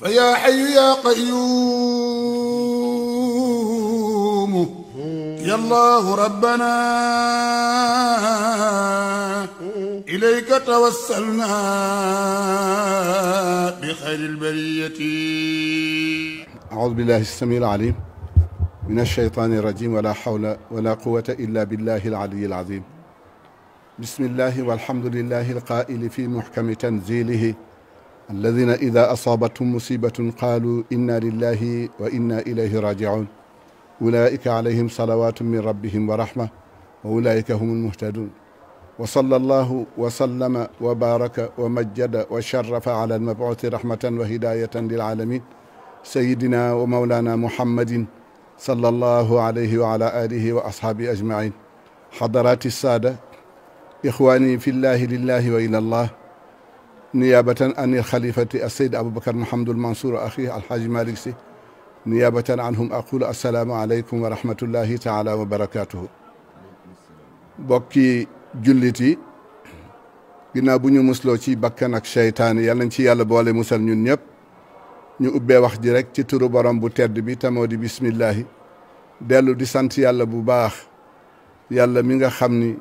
fa yaa xayu yaa qayuumu yallaahu rabbanaa ilayka tawassalnaa bi xayril bariyyati. Auudu billaahi samiil aliim mina shaytaani rajiim wa laa xawla wa laa quwwata illaa billaahil aliyyil aziim. Bismillaahi walhamdu lillaahi l-qaa'ili fii muxkami tanziilihi alladina ida asaabathum musibatun qaalu inna lillahi wa inna ilayhi rajiun ulaika alayhim salawatu min rabbihim wa rahma wa ulaika hum almuhtadun wa salla allahu wa sallama wa baaraka wa majjada wa sharafa ala almabuuti rahmatan wa hidayatan lilaalamin sayidina wa mawlana muhammadin salla allahu alayhi wa ala alihi wa ashaabihi ajmain xadaraati saada ixwaani fi llahi lillahi wa ila allah niyaabatan anil xalifati asseyd aboubacar mouhamadul mansour axi alhaaji malik si niyaabatan anhum aqulu assalaamu aleykum wa taala wa barakatuhu bokki jullit yi ginnaaw bu ñu musloo ci bakkan ak seytaane yal nañ ci yàlla boole musal ñun ñëpp ñu ubbee wax jirek ci turu borom bu tedd bi tamoo di bismillahi dellu di sant yàlla bu baax yàlla mi nga xam ni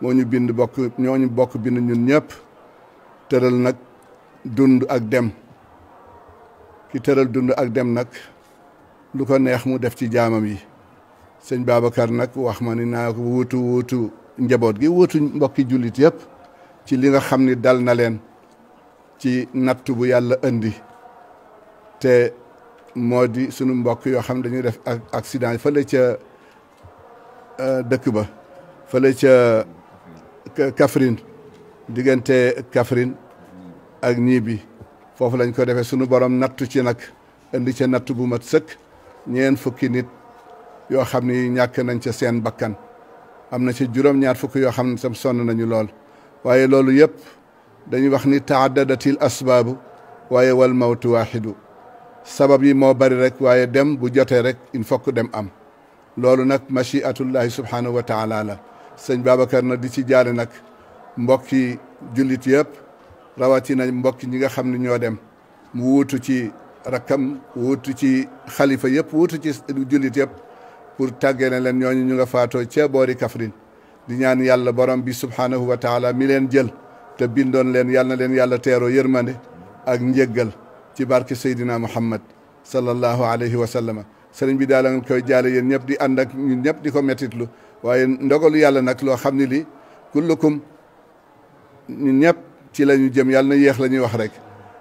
moo ñu bind bokk ñoo ñu bokk bind ñun ñëpp tëral nag dund ak dem ki tëral dund ak dem nag lu ko neex mu def ci jaamam yi sëñ Babacar nag wax ma ni naa ko wuutu njaboot gi wuutu mbokki jullit yëpp ci li nga xam ni dal na leen ci natt bu yàlla indi te moo di sunu mbokk yoo xam dañuy def ak accident yi fële ca euh, dëkk ba fële ca Kaffrine diggante Kaffrine ak ñii bi foofu lañ ko defee sunu borom nattu ci nag indi ca nattu bu mat sëkk ñeen fukki nit yoo xam ni ñàkk nañ ca seen bakkan am na ci juróom fukki yoo xam ne tam sonn nañu lool waaye loolu yëpp dañuy wax ni tahaddadatil asbaabu waaye wal mawtu waaxidu sabab yi moo bari rek waaye dem bu jotee rek il faut dem am loolu nag machiatullahi subhanahu wa taala la sëñ Babacar na di ci jaare nag mbokki jullit yëpp rawatina mbokki ñi nga xam ne ñoo dem mu wuutu ci rakkam wuutu ci xalifa yëpp wuutu ci jullit yëpp pour tàggee na leen ñooñu ñu nga faatoo ca boori Kaffrine di ñaan yàlla borom bi subhanahu wa taala mi leen jël te bindoon leen yàlla na leen yàlla teeroo yërmande ak njëggal ci barke Seydina Muhammad sallallahu alayhi wa sallam sëriñ bi daal nga koy jaale yéen ñëpp di ànd ak ñëpp di ko mettitlu waaye ndogalu yàlla nag loo xam ne lii kullukum ñun ñëpp ci la ñu jëm yàlla na yéex la ñuy wax rek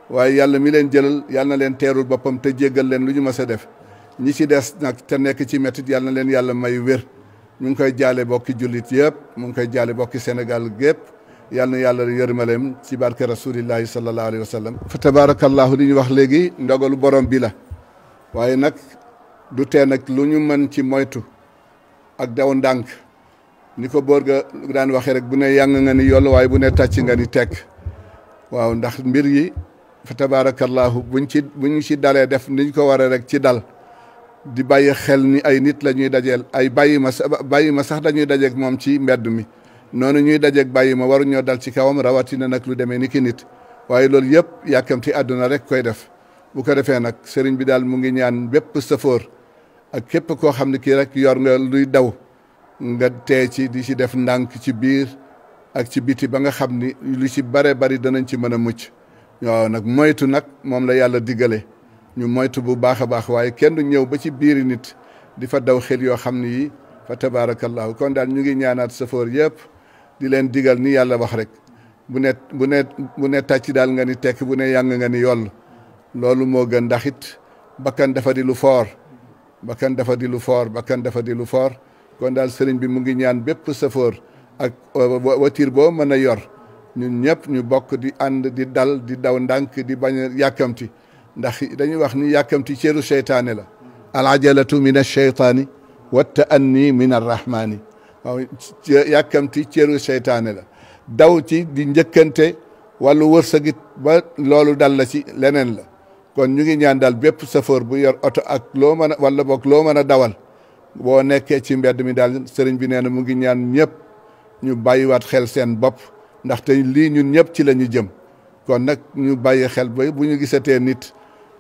waaye yàlla mi leen jëlal yàlla na leen teerul boppam te jéggal leen lu ñu mës a def ñi ci des nag te nekk ci métit yal na leen yàlla may wér ñu ngi koy jaale bokki jullit yëpp mu ngi koy jaale bokki Sénégal gépp yàlla na yàlla yërmaleem ci barke rasulillahi sallallahu alayhi wa sallam fa tabarakallahu li ñu wax léegi ndogalu borom bi la waaye nag du tee nag lu ñu mën ci moytu ak daw ndànk ni ko boor ga daan waxee rek bu ne yàng nga ni yoll waaye bu ne tàcc nga ni tekk waaw ndax mbir yi fa tabaarakallaahu buñ ci buñ ci dalee def niñ ko waree rek ci dal di bàyyi xel ni ay nit la ñuy dajeel ay bàyyi ma ma sax dañuy dajeeg moom ci mbedd mi noonu ñuy dajeeg bàyyi ma war ñoo dal ci kawam rawatina nag lu demee ni nit waaye loolu yëpp yàkkamti àdduna rek koy def bu ko defee nag sëriñ bi daal mu ngi ñaan bépp safoor ak képp koo xam ne kii rek yor nga luy daw nga tee ci di ci def ndànk ci biir ak ci biti ba nga xam ni lu ci bare bari danañ ci mën a mucc waaw nag moytu nag moom la yàlla diggale ñu moytu bu baax a baax waaye kenn ñëw ba ci biiri nit di fa daw xel yoo xam ni yi fa tabaarakallaahu kon daal ñu ngi ñaanaat sa foor yëpp di leen digal ni yàlla wax rek bu ne bu ne bu ne tàcc daal nga ni tekk bu ne yàng nga ni yoll loolu moo gën ndax it bakkan dafa di lu foor bakkan dafa di lu foor bakkan dafa di lu foor kon daal sëriñ bi mu ngi ñaan bépp safoor ak voiture boo mën a yor ñu ñëpp ñu bokk di ànd di dal di daw ndànk di bañ a yàkkamti ndax dañuy wax ni yàkkamti ceeru seytaane la alajalatu min seytaani wa taanni min arrahmaani waaw yàkkamti ceeru seytaane la daw ci di njëkkante wàllu wërsëgit ba loolu dal la ci leneen la kon ñu ngi ñaan daal bépp safoor bu yor oto ak loo mën a wala boog loo mën a dawal boo nekkee ci mbedd mi daal sëriñ bi nee na mu ngi ñaan ñëpp ñu bàyyiwaat xel seen bopp ndaxte lii ñun ñëpp ci la ñu jëm kon nag ñu bàyyi xel ba bu ñu gisatee nit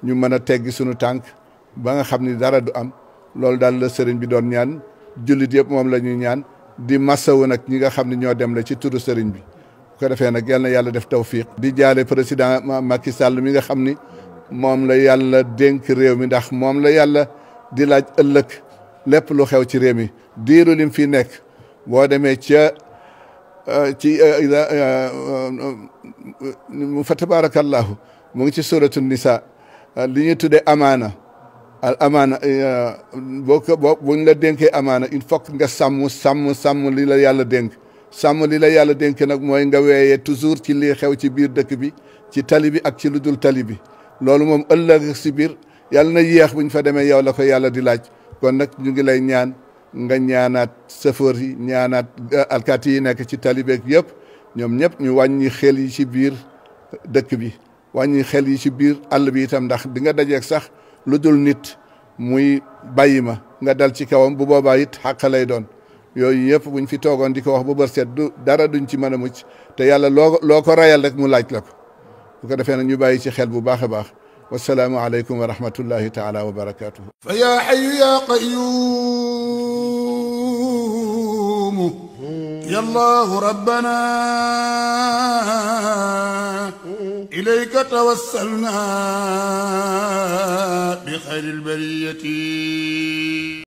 ñu mën a teggi suñu tànk ba nga xam ni dara du am loolu daal la sëriñ bi doon ñaan jullit yëpp moom la ñuy ñaan di masawu nag ñi nga xam ne ñoo dem la ci turu sëriñ bi bu ko defee nag yal na yàlla def tawfiq di jaale président Macky Sall mi nga xam ni moom la yàlla dénk réew mi ndax moom la yàlla di laaj ëllëg lépp lu xew ci réew mi diiru lim fi nekk boo demee ca euh, ci mu euh, euh, fa tabarakallahu mu ngi ci suratu nisa li ñuy tuddee amaana al amaana boo ko boo buñ la denkee amaana il faut nga sàmm sàmm sàmm li la yàlla dénk sàmm li la yàlla dénk nag mooy nga weeyee toujours ci lii xew ci biir dëkk bi ci tali bi ak ci lu dul tali bi loolu moom ëllëg si biir yàlla na yéex buñ fa demee yow la ko yàlla di laaj kon nag ñu ngi lay ñaan nga ñaanaat chauffeur yi ñaanaat euh, alkaati yi nekk ci talibeeg yëpp ñoom ñëpp ñu wàññi xel yi ci biir dëkk bi wàññi xel yi ci biir àll bi itam ndax di nga dajeeg sax lu dul nit muy bàyyi ma nga dal ci kawam bu boobaa it xàq lay doon yooyu yëpp buñ fi toogoon di ko wax bu bër seet du dara duñ ci mën a mucc te yàlla loo loo ko rayal rek mu laaj la ko bu ko defee nag ñu bàyyi ci xel bu baax a baax wasalaamu aleykum wa rahmatullahi taala wa barakaatu. fa yaa xayu yaa qayuumu. yallaahu rabbanaa. ilayka tawassalnaa bi xayril bariyyati